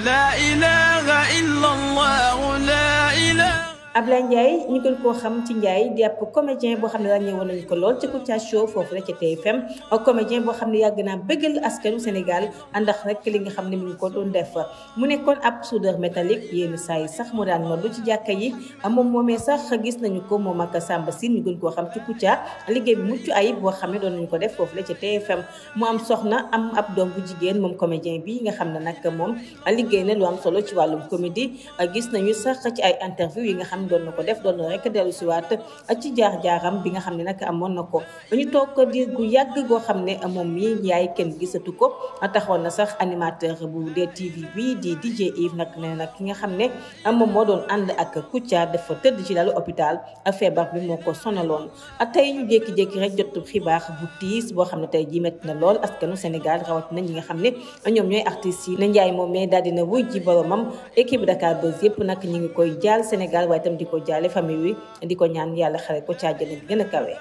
لا إله إلا ab Ablaye Ndiaye ñu gën koo xam ci Ndiaye di comme comédien boo xam ne ràññee woon nañu ko lool ci Kouthia Show foofu la ci TFM comédien xam ne yàgg naa bëggal askanu Sénégal ndax rek li nga xam ne mu ngi ko doon def mu nekkoon ab soudeur métallique yenn saa sax mu daan moddu ci jàkka yi moom moomee sax gis nañu ko moom ak Samba Sine ñu gën koo xam ci Kouthia liggéey bi mucc ayib boo xam ne doon nañu ko def foofu la ci TFM mu am soxna am ab doom bu jigéen moom comme comédien bi nga xam ne nag moom a liggéey na lu am solo ci wàllum comédie gis nañu sax ci ay interview yi nga xam am doon na ko def doon na rek dellu si waat ci jaar-jaaram bi nga xam ne nag amoon na ko ba toog ko diir gu yàgg goo xam ne moom mi yaay kenn gisatu ko taxoon na sax animateur bu DTV bi di DJ Yves nag ne nag ki nga xam ne moom moo doon ànd ak Kouthia dafa tëdd ci lalu hôpital feebar bi moo ko sonaloon tey ñu jékki-jékki rek jot xibaar bu tiis boo xam ne tey ji métti na lool askanu Sénégal rawat nañ ñi nga xam ne ñoom ñooy artistes yi na Ndiaye moom mais daal dina wuy ji boromam équipe Dakar Buzz yëpp nag ñi ngi koy jaal Sénégal waaye di ko jaale famille wi di ko ñaan yàlla xare ko caajale bi gën a kawe.